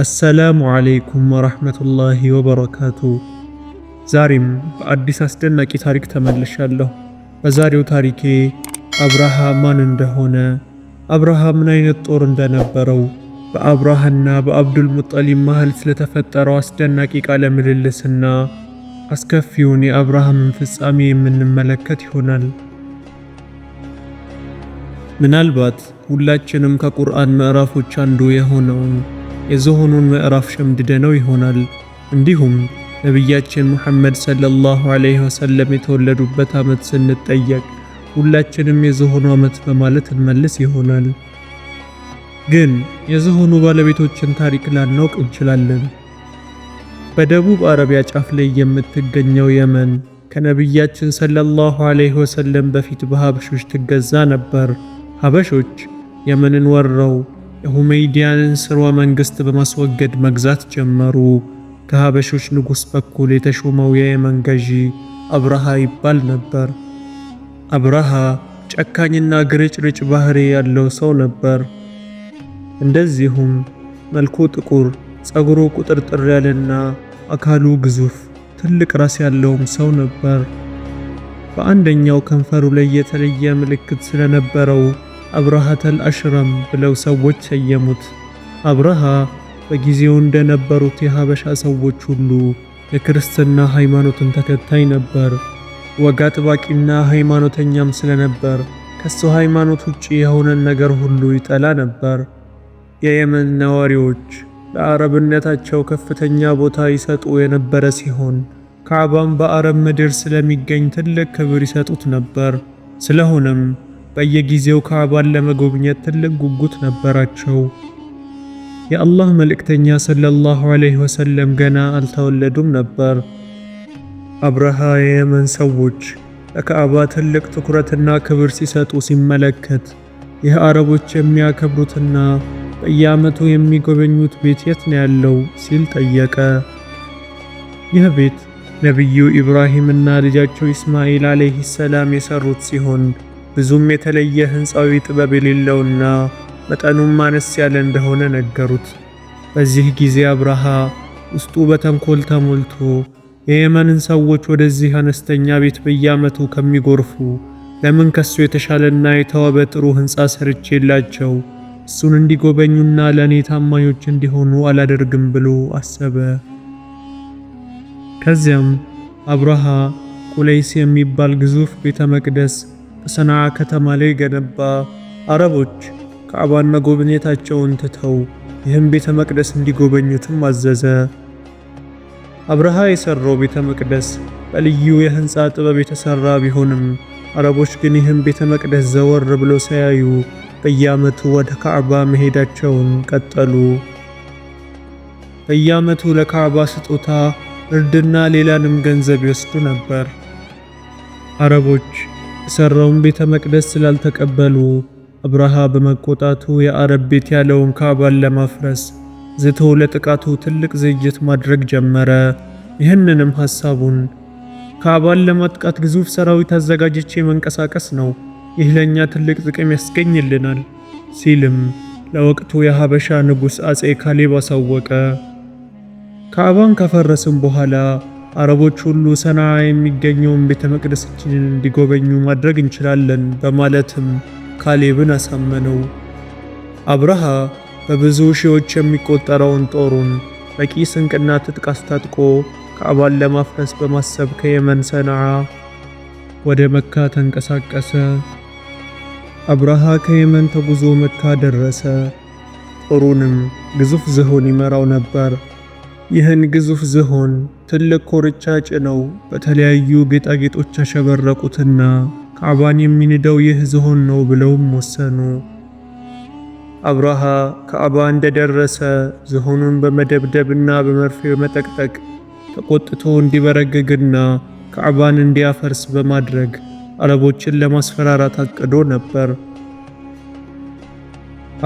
አሰላሙ አለይኩም ወረህመቱላሂ ወበረካቱ። ዛሬም በአዲስ አስደናቂ ታሪክ ተመልሻለሁ። በዛሬው ታሪኬ አብርሃ ማን እንደሆነ፣ አብርሃ ምን አይነት ጦር እንደነበረው፣ በአብርሃና በአብዱል ሙጠሊብ መሃል ስለተፈጠረው አስደናቂ ቃለ ምልልስና አስከፊውን የአብርሃምን ፍጻሜ የምንመለከት ይሆናል። ምናልባት ሁላችንም ከቁርአን ምዕራፎች አንዱ የሆነውን የዝሆኑን ምዕራፍ ሸምድደነው ይሆናል። እንዲሁም ነቢያችን ሙሐመድ ሰለላሁ ዐለይሂ ወሰለም የተወለዱበት ዓመት ስንጠየቅ ሁላችንም የዝሆኑ ዓመት በማለት እንመልስ ይሆናል። ግን የዝሆኑ ባለቤቶችን ታሪክ ላናውቅ እንችላለን። በደቡብ አረቢያ ጫፍ ላይ የምትገኘው የመን ከነቢያችን ሰለላሁ ዐለይሂ ወሰለም በፊት በሀበሾች ትገዛ ነበር። ሀበሾች የመንን ወረው የሁሜይዲያንን ስርወ መንግሥት በማስወገድ መግዛት ጀመሩ። ከሀበሾች ንጉሥ በኩል የተሾመው የየመን ገዢ ይባል ነበር። አብረሃ ጨካኝና ግርጭርጭ ባህሪ ያለው ሰው ነበር። እንደዚሁም መልኩ ጥቁር፣ ጸጉሩ ቁጥርጥር ያለና አካሉ ግዙፍ ትልቅ ራስ ያለውም ሰው ነበር። በአንደኛው ከንፈሩ ላይ የተለየ ምልክት ስለነበረው አብረሃተል አሽረም ብለው ሰዎች ሰየሙት። አብረሃ በጊዜው እንደነበሩት የሀበሻ ሰዎች ሁሉ የክርስትና ሃይማኖትን ተከታይ ነበር። ወግ አጥባቂና ሃይማኖተኛም ስለነበር ከሱ ሃይማኖት ውጪ የሆነን ነገር ሁሉ ይጠላ ነበር። የየመን ነዋሪዎች ለአረብነታቸው ከፍተኛ ቦታ ይሰጡ የነበረ ሲሆን ካዕባም በአረብ ምድር ስለሚገኝ ትልቅ ክብር ይሰጡት ነበር። ስለሆነም በየጊዜው ካዕባን ለመጎብኘት ትልቅ ጉጉት ነበራቸው። የአላህ መልእክተኛ ሰለላሁ ዐለይሂ ወሰለም ገና አልተወለዱም ነበር። አብረሃ የየመን ሰዎች ለካዕባ ትልቅ ትኩረትና ክብር ሲሰጡ ሲመለከት ይህ አረቦች የሚያከብሩትና በየዓመቱ የሚጎበኙት ቤት የት ነው ያለው ሲል ጠየቀ። ይህ ቤት ነቢዩ ኢብራሂምና ልጃቸው ኢስማኤል ዐለይሂ ሰላም የሰሩት ሲሆን ብዙም የተለየ ሕንፃዊ ጥበብ የሌለውና መጠኑም ማነስ ያለ እንደሆነ ነገሩት። በዚህ ጊዜ አብርሃ ውስጡ በተንኮል ተሞልቶ የየመንን ሰዎች ወደዚህ አነስተኛ ቤት በየዓመቱ ከሚጎርፉ ለምን ከሱ የተሻለና የተዋበ ጥሩ ሕንፃ ሰርቼ የላቸው እሱን እንዲጎበኙና ለእኔ ታማኞች እንዲሆኑ አላደርግም ብሎ አሰበ። ከዚያም አብርሃ ቁለይስ የሚባል ግዙፍ ቤተ መቅደስ በሰንዓ ከተማ ላይ ገነባ። አረቦች ካዕባና ጎብኝታቸውን ትተው ይህም ቤተ መቅደስ እንዲጎበኙትም አዘዘ። አብርሃ የሰራው ቤተ መቅደስ በልዩ የህንፃ ጥበብ የተሰራ ቢሆንም አረቦች ግን ይህም ቤተ መቅደስ ዘወር ብለው ሳያዩ በየዓመቱ ወደ ካዕባ መሄዳቸውን ቀጠሉ። በየዓመቱ ለካዕባ ስጦታ እርድና ሌላንም ገንዘብ ይወስዱ ነበር አረቦች የሰራውን ቤተ መቅደስ ስላልተቀበሉ አብርሃ በመቆጣቱ የአረብ ቤት ያለውን ካባን ለማፍረስ ዝቶ ለጥቃቱ ትልቅ ዝግጅት ማድረግ ጀመረ። ይህንንም ሐሳቡን ካባን ለማጥቃት ግዙፍ ሰራዊት አዘጋጅቼ መንቀሳቀስ ነው፣ ይህ ለእኛ ትልቅ ጥቅም ያስገኝልናል ሲልም ለወቅቱ የሐበሻ ንጉሥ አጼ ካሌብ አሳወቀ። ካባን ከፈረስም በኋላ አረቦች ሁሉ ሰና የሚገኘውን ቤተ መቅደሳችንን እንዲጎበኙ ማድረግ እንችላለን በማለትም ካሌብን አሳመነው። አብርሃ በብዙ ሺዎች የሚቆጠረውን ጦሩን በቂ ስንቅና ትጥቅ አስታጥቆ ካዕባን ለማፍረስ በማሰብ ከየመን ሰንዓ ወደ መካ ተንቀሳቀሰ። አብርሃ ከየመን ተጉዞ መካ ደረሰ። ጦሩንም ግዙፍ ዝሆን ይመራው ነበር። ይህን ግዙፍ ዝሆን ትልቅ ኮርቻ ጭነው በተለያዩ ጌጣጌጦች ያሸበረቁትና ካዕባን የሚንደው ይህ ዝሆን ነው ብለውም ወሰኑ። አብርሃ ካዕባ እንደደረሰ ዝሆኑን በመደብደብና በመርፌ በመጠቅጠቅ ተቆጥቶ እንዲበረግግና ካዕባን እንዲያፈርስ በማድረግ አረቦችን ለማስፈራራት አቅዶ ነበር።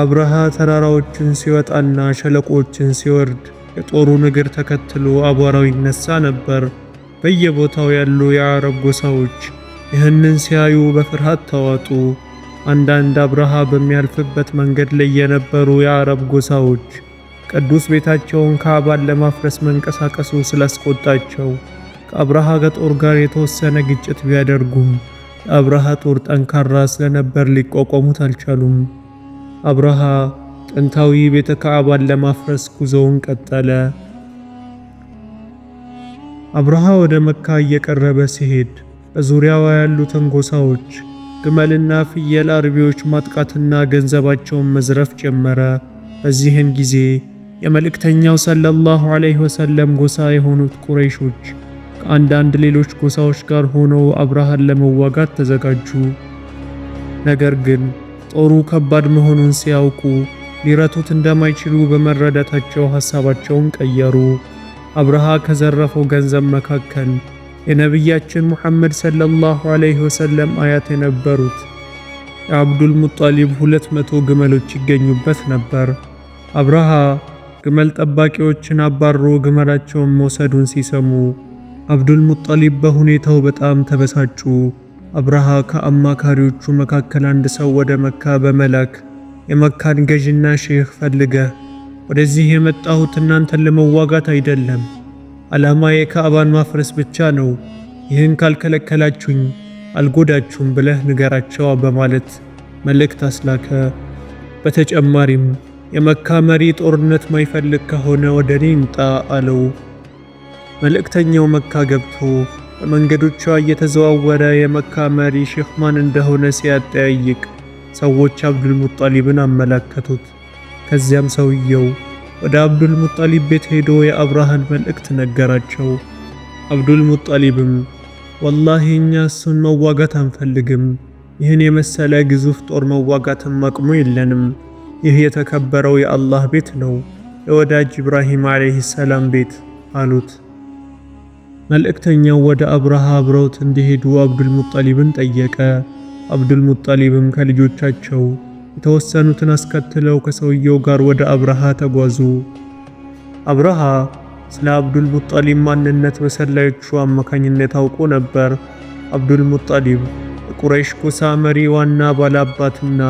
አብርሃ ተራራዎችን ሲወጣና ሸለቆዎችን ሲወርድ የጦሩን እግር ተከትሎ አቧራው ይነሳ ነበር። በየቦታው ያሉ የአረብ ጎሳዎች ይህንን ሲያዩ በፍርሃት ተዋጡ። አንዳንድ አብርሃ በሚያልፍበት መንገድ ላይ የነበሩ የአረብ ጎሳዎች ቅዱስ ቤታቸውን ካዕባን ለማፍረስ መንቀሳቀሱ ስላስቆጣቸው ከአብርሃ ከጦር ጋር የተወሰነ ግጭት ቢያደርጉም የአብርሃ ጦር ጠንካራ ስለነበር ሊቋቋሙት አልቻሉም። አብርሃ ጥንታዊ ቤተ ካዕባን ለማፍረስ ጉዞውን ቀጠለ። አብርሃ ወደ መካ እየቀረበ ሲሄድ በዙሪያዋ ያሉ ጎሳዎች ግመልና ፍየል አርቢዎች ማጥቃትና ገንዘባቸውን መዝረፍ ጀመረ። በዚህን ጊዜ የመልእክተኛው ሰለላሁ ዐለይሂ ወሰለም ጎሳ የሆኑት ቁረይሾች ከአንዳንድ ሌሎች ጎሳዎች ጋር ሆነው አብርሃን ለመዋጋት ተዘጋጁ። ነገር ግን ጦሩ ከባድ መሆኑን ሲያውቁ ሊረቱት እንደማይችሉ በመረዳታቸው ሐሳባቸውን ቀየሩ። አብርሃ ከዘረፈው ገንዘብ መካከል የነቢያችን ሙሐመድ ሰለላሁ ዐለይሂ ወሰለም አያት የነበሩት የአብዱል ሙጣሊብ ሁለት መቶ ግመሎች ይገኙበት ነበር። አብርሃ ግመል ጠባቂዎችን አባሮ ግመላቸውን መውሰዱን ሲሰሙ አብዱል ሙጣሊብ በሁኔታው በጣም ተበሳጩ። አብርሃ ከአማካሪዎቹ መካከል አንድ ሰው ወደ መካ በመላክ የመካን ገዥና ሼህ ፈልገ ወደዚህ የመጣሁት እናንተን ለመዋጋት አይደለም። ዓላማ የካዕባን ማፍረስ ብቻ ነው። ይህን ካልከለከላችሁኝ አልጎዳችሁም ብለህ ንገራቸው በማለት መልእክት አስላከ። በተጨማሪም የመካ መሪ ጦርነት ማይፈልግ ከሆነ ወደ እኔ ይምጣ አለው። መልእክተኛው መካ ገብቶ በመንገዶቿ እየተዘዋወረ የመካ መሪ ሼህ ማን እንደሆነ ሲያጠያይቅ ሰዎች አብዱል ሙጣሊብን አመለከቱት ከዚያም ሰውየው ወደ አብዱል ሙጣሊብ ቤት ሄዶ የአብርሃን መልእክት ነገራቸው። አብዱል ሙጣሊብም ወላሂ እኛ እሱን መዋጋት አንፈልግም፣ ይህን የመሰለ ግዙፍ ጦር መዋጋትም አቅሙ የለንም። ይህ የተከበረው የአላህ ቤት ነው፣ የወዳጅ ኢብራሂም ዓለይሂ ሰላም ቤት አሉት። መልእክተኛው ወደ አብርሃ አብረውት እንዲሄዱ ሙጣሊብን ጠየቀ። አብዱል ሙጣሊብም ከልጆቻቸው የተወሰኑትን አስከትለው ከሰውየው ጋር ወደ አብርሃ ተጓዙ። አብርሃ ስለ አብዱል ሙጣሊብ ማንነት በሰላዮቹ አማካኝነት አውቆ ነበር። አብዱል ሙጣሊብ የቁረይሽ ጎሳ መሪ፣ ዋና ባላባትና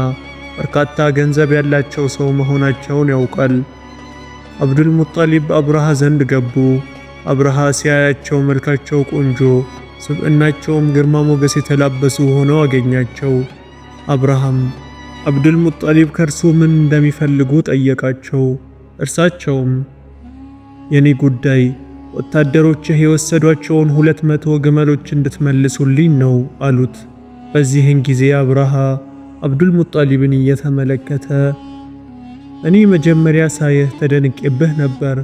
በርካታ ገንዘብ ያላቸው ሰው መሆናቸውን ያውቃል። ሙጣሊብ አብርሃ ዘንድ ገቡ። አብርሃ ሲያያቸው መልካቸው ቆንጆ ስብዕናቸውም ግርማ ሞገስ የተላበሱ ሆነው አገኛቸው። አብርሃም አብዱል ሙጣሊብ ከእርሱ ምን እንደሚፈልጉ ጠየቃቸው። እርሳቸውም የኔ ጉዳይ ወታደሮችህ የወሰዷቸውን ሁለት መቶ ግመሎች እንድትመልሱልኝ ነው አሉት። በዚህን ጊዜ አብርሃ አብዱል ሙጣሊብን እየተመለከተ እኔ መጀመሪያ ሳየህ ተደንቄብህ ነበር፣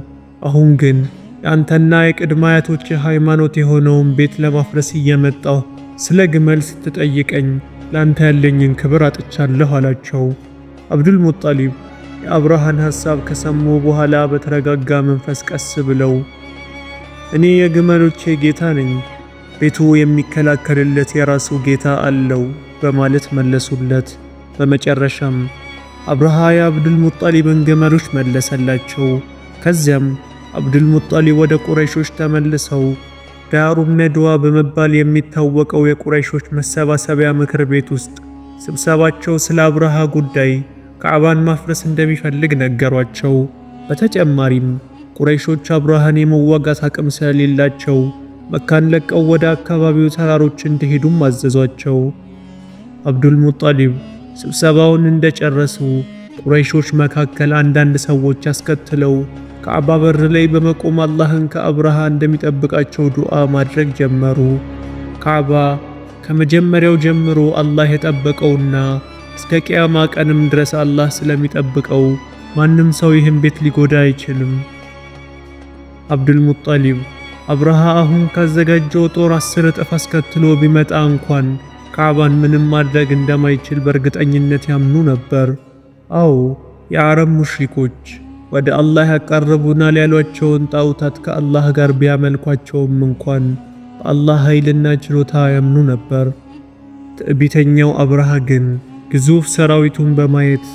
አሁን ግን የአንተና የቅድመ አያቶች ሃይማኖት የሆነውን ቤት ለማፍረስ እየመጣሁ ስለ ግመል ስትጠይቀኝ ለአንተ ያለኝን ክብር አጥቻለሁ አላቸው። አብዱል ሙጣሊብ የአብርሃን ሐሳብ ከሰሙ በኋላ በተረጋጋ መንፈስ ቀስ ብለው እኔ የግመሎቼ ጌታ ነኝ፣ ቤቱ የሚከላከልለት የራሱ ጌታ አለው በማለት መለሱለት። በመጨረሻም አብርሃ የአብዱል ሙጣሊብን ግመሎች መለሰላቸው። ከዚያም አብዱልሙጣሊብ ወደ ቁረይሾች ተመልሰው ዳሩም ነድዋ በመባል የሚታወቀው የቁረይሾች መሰባሰቢያ ምክር ቤት ውስጥ ስብሰባቸው ስለ አብርሃ ጉዳይ ካዕባን ማፍረስ እንደሚፈልግ ነገሯቸው። በተጨማሪም ቁረይሾች አብርሃን የመዋጋት አቅም ስለሌላቸው መካን ለቀው ወደ አካባቢው ተራሮች እንዲሄዱም አዘዟቸው። አብዱልሙጣሊብ ስብሰባውን እንደጨረሱ ቁረይሾች መካከል አንዳንድ ሰዎች አስከትለው ከአባ በር ላይ በመቆም አላህን ከአብርሃ እንደሚጠብቃቸው ዱዓ ማድረግ ጀመሩ። ካዕባ ከመጀመሪያው ጀምሮ አላህ የጠበቀውና እስከ ቅያማ ቀንም ድረስ አላህ ስለሚጠብቀው ማንም ሰው ይህን ቤት ሊጎዳ አይችልም። አብዱልሙጠሊብ አብርሃ አሁን ካዘጋጀው ጦር አስር እጥፍ አስከትሎ ቢመጣ እንኳን ካዕባን ምንም ማድረግ እንደማይችል በእርግጠኝነት ያምኑ ነበር። አዎ የአረብ ሙሽሪኮች ወደ አላህ ያቀርቡናል ያሏቸውን ጣውታት ከአላህ ጋር ቢያመልኳቸውም እንኳን በአላህ ኃይልና ችሎታ ያምኑ ነበር። ትዕቢተኛው አብርሃ ግን ግዙፍ ሰራዊቱን በማየት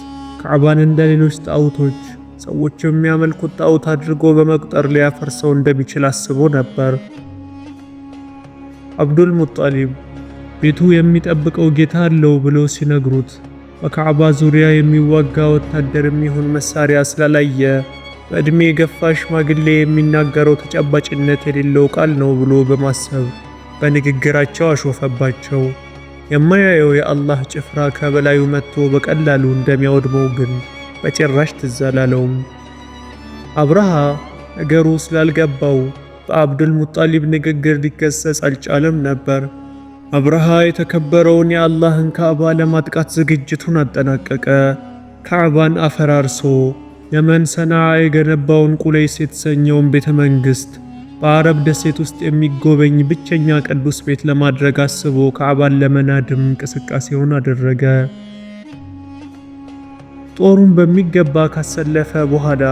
ካዕባን እንደ ሌሎች ጣውቶች ሰዎች የሚያመልኩት ጣውት አድርጎ በመቁጠር ሊያፈርሰው እንደሚችል አስቦ ነበር። አብዱል ሙጣሊብ ቤቱ የሚጠብቀው ጌታ አለው ብሎ ሲነግሩት በካዕባ ዙሪያ የሚዋጋ ወታደር የሚሆን መሳሪያ ስላላየ በዕድሜ የገፋ ሽማግሌ የሚናገረው ተጨባጭነት የሌለው ቃል ነው ብሎ በማሰብ በንግግራቸው አሾፈባቸው። የማያየው የአላህ ጭፍራ ከበላዩ መጥቶ በቀላሉ እንደሚያወድመው ግን በጭራሽ ትዝ አላለውም። አብርሃ ነገሩ ስላልገባው በአብዱል ሙጣሊብ ንግግር ሊገሰጽ አልቻለም ነበር። አብርሃ የተከበረውን የአላህን ካዕባ ለማጥቃት ዝግጅቱን አጠናቀቀ። ካዕባን አፈራርሶ የመን ሰናዓ የገነባውን ቁለይስ የተሰኘውን ቤተ መንግሥት በአረብ ደሴት ውስጥ የሚጎበኝ ብቸኛ ቅዱስ ቤት ለማድረግ አስቦ ካዕባን ለመናድም እንቅስቃሴውን አደረገ። ጦሩን በሚገባ ካሰለፈ በኋላ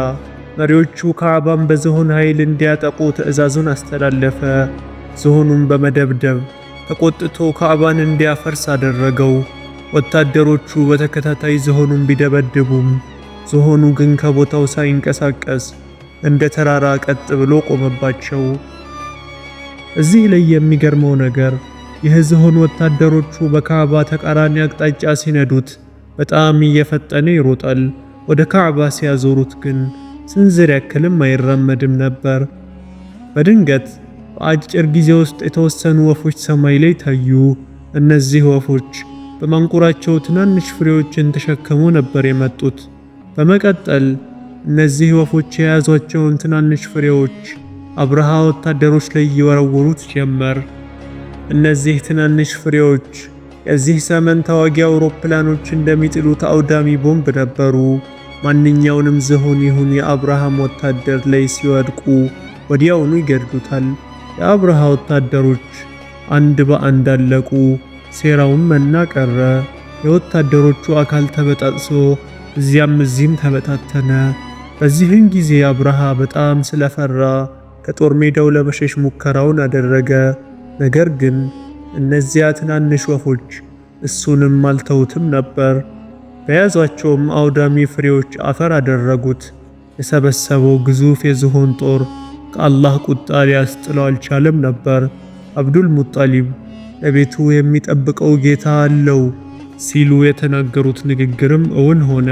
መሪዎቹ ካዕባን በዝሆን ኃይል እንዲያጠቁ ትዕዛዙን አስተላለፈ። ዝሆኑን በመደብደብ ተቆጥቶ ካዕባን እንዲያፈርስ አደረገው። ወታደሮቹ በተከታታይ ዝሆኑን ቢደበድቡም ዝሆኑ ግን ከቦታው ሳይንቀሳቀስ እንደ ተራራ ቀጥ ብሎ ቆመባቸው። እዚህ ላይ የሚገርመው ነገር ይህ ዝሆን ወታደሮቹ በካዕባ ተቃራኒ አቅጣጫ ሲነዱት በጣም እየፈጠነ ይሮጣል። ወደ ካዕባ ሲያዞሩት ግን ስንዝር ያክልም አይራመድም ነበር። በድንገት በአጭር ጊዜ ውስጥ የተወሰኑ ወፎች ሰማይ ላይ ታዩ። እነዚህ ወፎች በማንቁራቸው ትናንሽ ፍሬዎችን ተሸክመው ነበር የመጡት። በመቀጠል እነዚህ ወፎች የያዟቸውን ትናንሽ ፍሬዎች አብርሃ ወታደሮች ላይ እየወረወሩት ጀመር። እነዚህ ትናንሽ ፍሬዎች የዚህ ዘመን ተዋጊ አውሮፕላኖች እንደሚጥሉት አውዳሚ ቦምብ ነበሩ። ማንኛውንም ዝሆን ይሁን የአብርሃም ወታደር ላይ ሲወድቁ ወዲያውኑ ይገድሉታል። የአብርሃ ወታደሮች አንድ በአንድ አለቁ። ሴራውን መና ቀረ። የወታደሮቹ አካል ተበጣጥሶ እዚያም እዚህም ተበታተነ። በዚህን ጊዜ አብርሃ በጣም ስለፈራ ከጦር ሜዳው ለመሸሽ ሙከራውን አደረገ። ነገር ግን እነዚያ ትናንሽ ወፎች እሱንም አልተውትም ነበር። በያዟቸውም አውዳሚ ፍሬዎች አፈር አደረጉት። የሰበሰበው ግዙፍ የዝሆን ጦር ከአላህ ቁጣ ሊያስጥለው አልቻለም ነበር። አብዱል ሙጣሊብ ለቤቱ የሚጠብቀው ጌታ አለው ሲሉ የተናገሩት ንግግርም እውን ሆነ።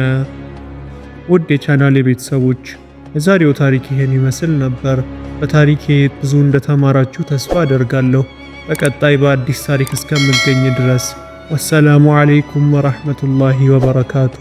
ውድ የቻናል የቤተሰቦች የዛሬው ታሪክ ይሄን ይመስል ነበር። በታሪኬ ብዙ እንደተማራችሁ ተስፋ አደርጋለሁ። በቀጣይ በአዲስ ታሪክ እስከምገኝ ድረስ ወሰላሙ አለይኩም ወራህመቱላሂ ወበረካቱ።